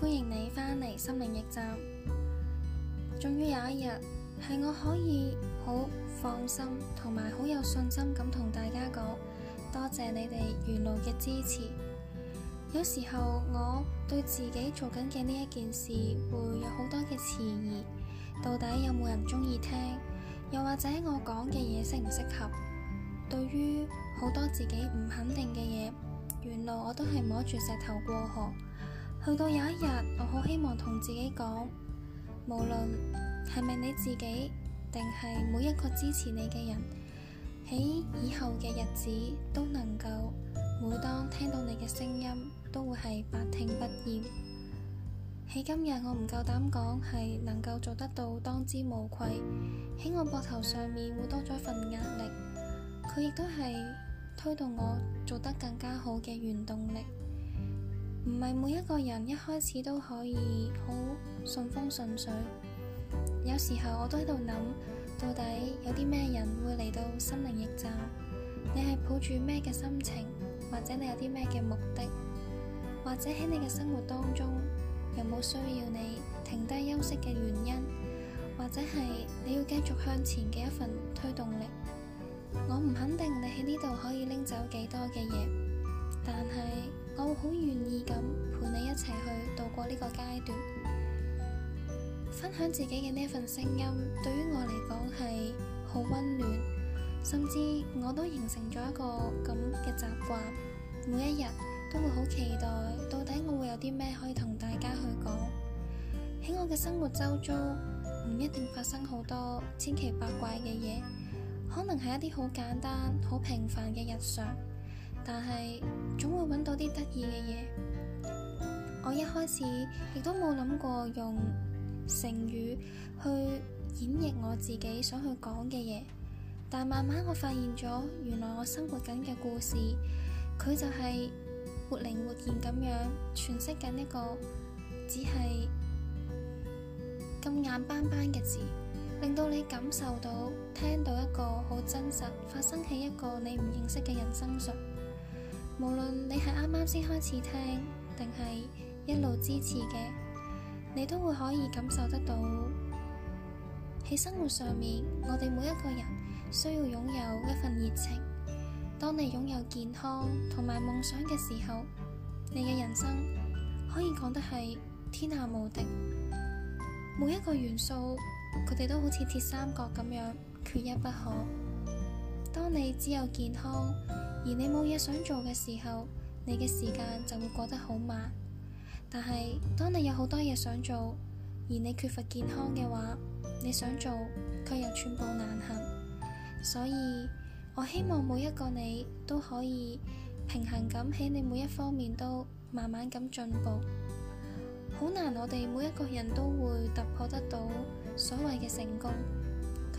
歡迎你返嚟心靈驛站。終於有一日係我可以好放心同埋好有信心咁同大家講，多謝你哋沿路嘅支持。有時候我對自己做緊嘅呢一件事會有好多嘅遲疑，到底有冇人中意聽？又或者我講嘅嘢適唔適合？對於好多自己唔肯定嘅嘢，沿路我都係摸住石頭過河。去到有一日，我好希望同自己講，無論係咪你自己，定係每一個支持你嘅人，喺以後嘅日子都能夠，每當聽到你嘅聲音，都會係百聽不厭。喺今日我唔夠膽講係能夠做得到，當之無愧。喺我膊頭上面會多咗份壓力，佢亦都係推動我做得更加好嘅原動力。唔係每一個人一開始都可以好順風順水，有時候我都喺度諗，到底有啲咩人會嚟到心靈驛站？你係抱住咩嘅心情，或者你有啲咩嘅目的，或者喺你嘅生活當中有冇需要你停低休息嘅原因，或者係你要繼續向前嘅一份推動力？我唔肯定你喺呢度可以拎走幾多嘅嘢，但係，我會好願意咁陪你一齊去度過呢個階段，分享自己嘅呢份聲音，對於我嚟講係好溫暖，甚至我都形成咗一個咁嘅習慣，每一日都會好期待到底我會有啲咩可以同大家去講。喺我嘅生活周遭，唔一定發生好多千奇百怪嘅嘢，可能係一啲好簡單、好平凡嘅日常。但係總會揾到啲得意嘅嘢。我一開始亦都冇諗過用成語去演繹我自己想去講嘅嘢。但慢慢我發現咗，原來我生活緊嘅故事，佢就係活靈活現咁樣詮釋緊一個只係咁眼斑斑嘅字，令到你感受到聽到一個好真實發生喺一個你唔認識嘅人身上。無論你係啱啱先開始聽，定係一路支持嘅，你都會可以感受得到。喺生活上面，我哋每一個人需要擁有一份熱情。當你擁有健康同埋夢想嘅時候，你嘅人生可以講得係天下無敵。每一個元素，佢哋都好似鐵三角咁樣，缺一不可。當你只有健康，而你冇嘢想做嘅時候，你嘅時間就會過得好慢。但係當你有好多嘢想做，而你缺乏健康嘅話，你想做卻又寸步難行。所以我希望每一個你都可以平衡咁喺你每一方面都慢慢咁進步。好難，我哋每一個人都會突破得到所謂嘅成功，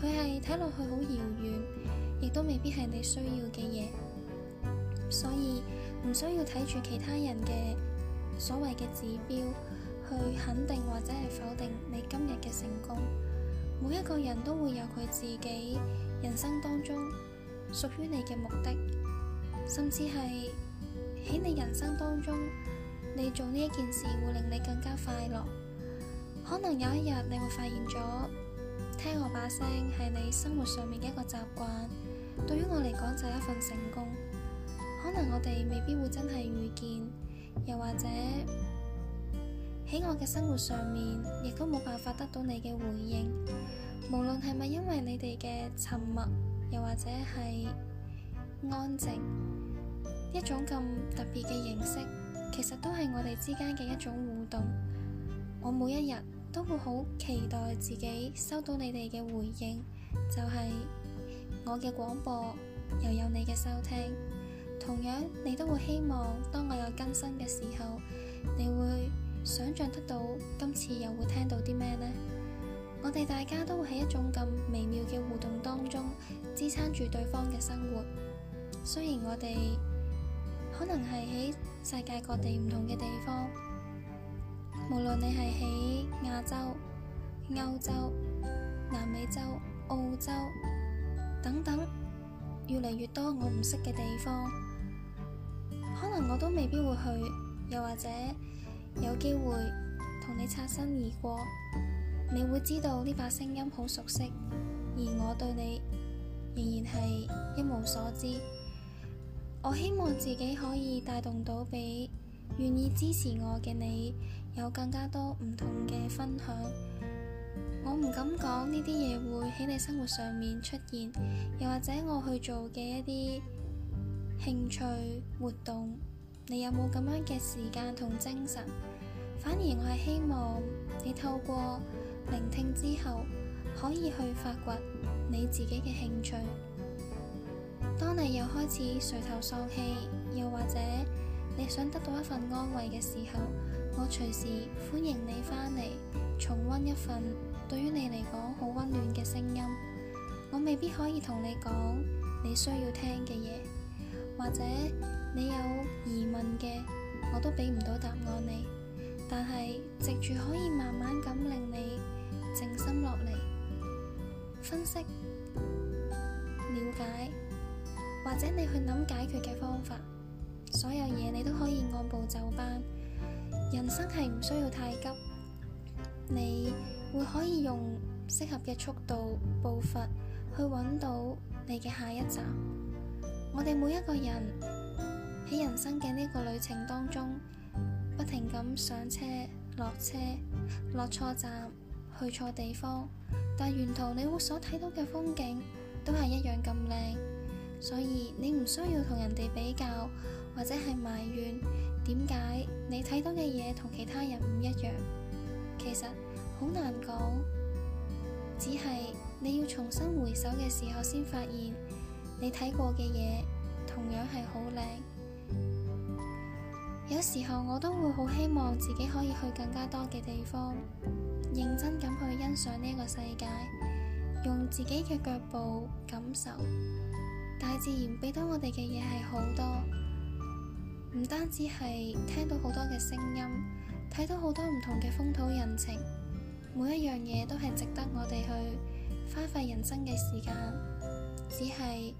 佢係睇落去好遙遠，亦都未必係你需要嘅嘢。所以唔需要睇住其他人嘅所謂嘅指標去肯定或者係否定你今日嘅成功。每一個人都會有佢自己人生當中屬於你嘅目的，甚至係喺你人生當中，你做呢一件事會令你更加快樂。可能有一日你會發現咗，聽我把聲係你生活上面嘅一個習慣，對於我嚟講就係一份成功。可能我哋未必會真係遇見，又或者喺我嘅生活上面，亦都冇辦法得到你嘅回應。無論係咪因為你哋嘅沉默，又或者係安靜，一種咁特別嘅形式，其實都係我哋之間嘅一種互動。我每一日都會好期待自己收到你哋嘅回應，就係、是、我嘅廣播，又有你嘅收聽。同樣，你都會希望當我有更新嘅時候，你會想像得到今次又會聽到啲咩呢？我哋大家都會喺一種咁微妙嘅互動當中，支撐住對方嘅生活。雖然我哋可能係喺世界各地唔同嘅地方，無論你係喺亞洲、歐洲、南美洲、澳洲等等，越嚟越多我唔識嘅地方。可能我都未必會去，又或者有機會同你擦身而過，你會知道呢把聲音好熟悉，而我對你仍然係一無所知。我希望自己可以帶動到俾願意支持我嘅你，有更加多唔同嘅分享。我唔敢講呢啲嘢會喺你生活上面出現，又或者我去做嘅一啲。興趣活動，你有冇咁樣嘅時間同精神？反而我係希望你透過聆聽之後，可以去發掘你自己嘅興趣。當你又開始垂頭喪氣，又或者你想得到一份安慰嘅時候，我隨時歡迎你翻嚟重温一份對於你嚟講好温暖嘅聲音。我未必可以同你講你需要聽嘅嘢。或者你有疑問嘅，我都俾唔到答案你，但係藉住可以慢慢咁令你靜心落嚟，分析、了解，或者你去諗解決嘅方法，所有嘢你都可以按部就班。人生係唔需要太急，你會可以用適合嘅速度步伐去搵到你嘅下一站。我哋每一個人喺人生嘅呢個旅程當中，不停咁上車、落車、落錯站、去錯地方，但沿途你會所睇到嘅風景都係一樣咁靚，所以你唔需要同人哋比較，或者係埋怨點解你睇到嘅嘢同其他人唔一樣。其實好難講，只係你要重新回首嘅時候先發現。你睇過嘅嘢，同樣係好靚。有時候我都會好希望自己可以去更加多嘅地方，認真咁去欣賞呢個世界，用自己嘅腳步感受，大自然俾到我哋嘅嘢係好多，唔單止係聽到好多嘅聲音，睇到好多唔同嘅風土人情，每一樣嘢都係值得我哋去花費人生嘅時間，只係。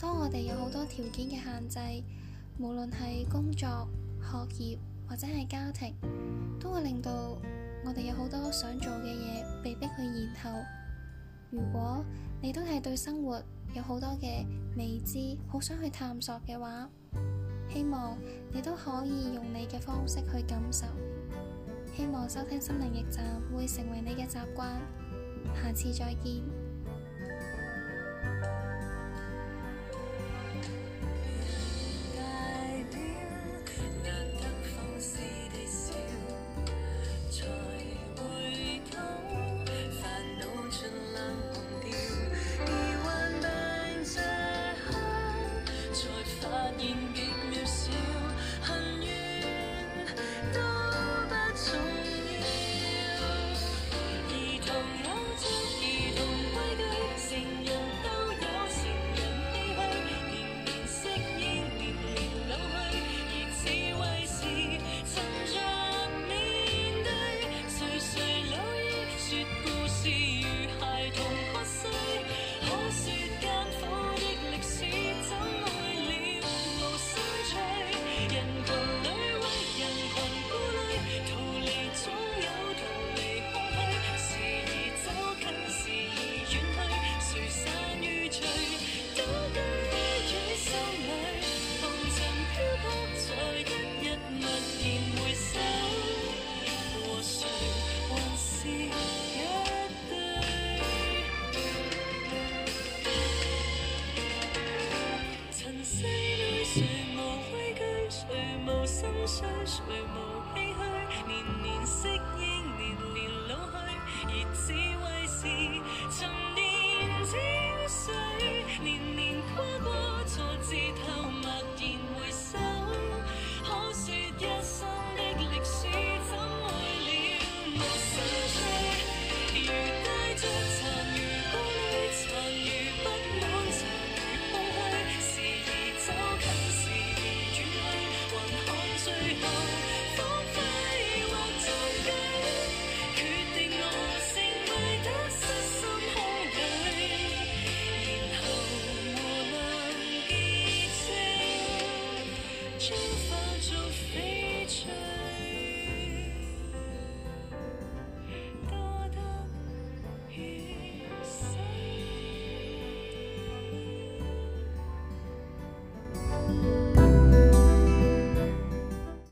當我哋有好多條件嘅限制，無論係工作、學業或者係家庭，都會令到我哋有好多想做嘅嘢被迫去延後。如果你都係對生活有好多嘅未知，好想去探索嘅話，希望你都可以用你嘅方式去感受。希望收聽心靈驛站會成為你嘅習慣，下次再見。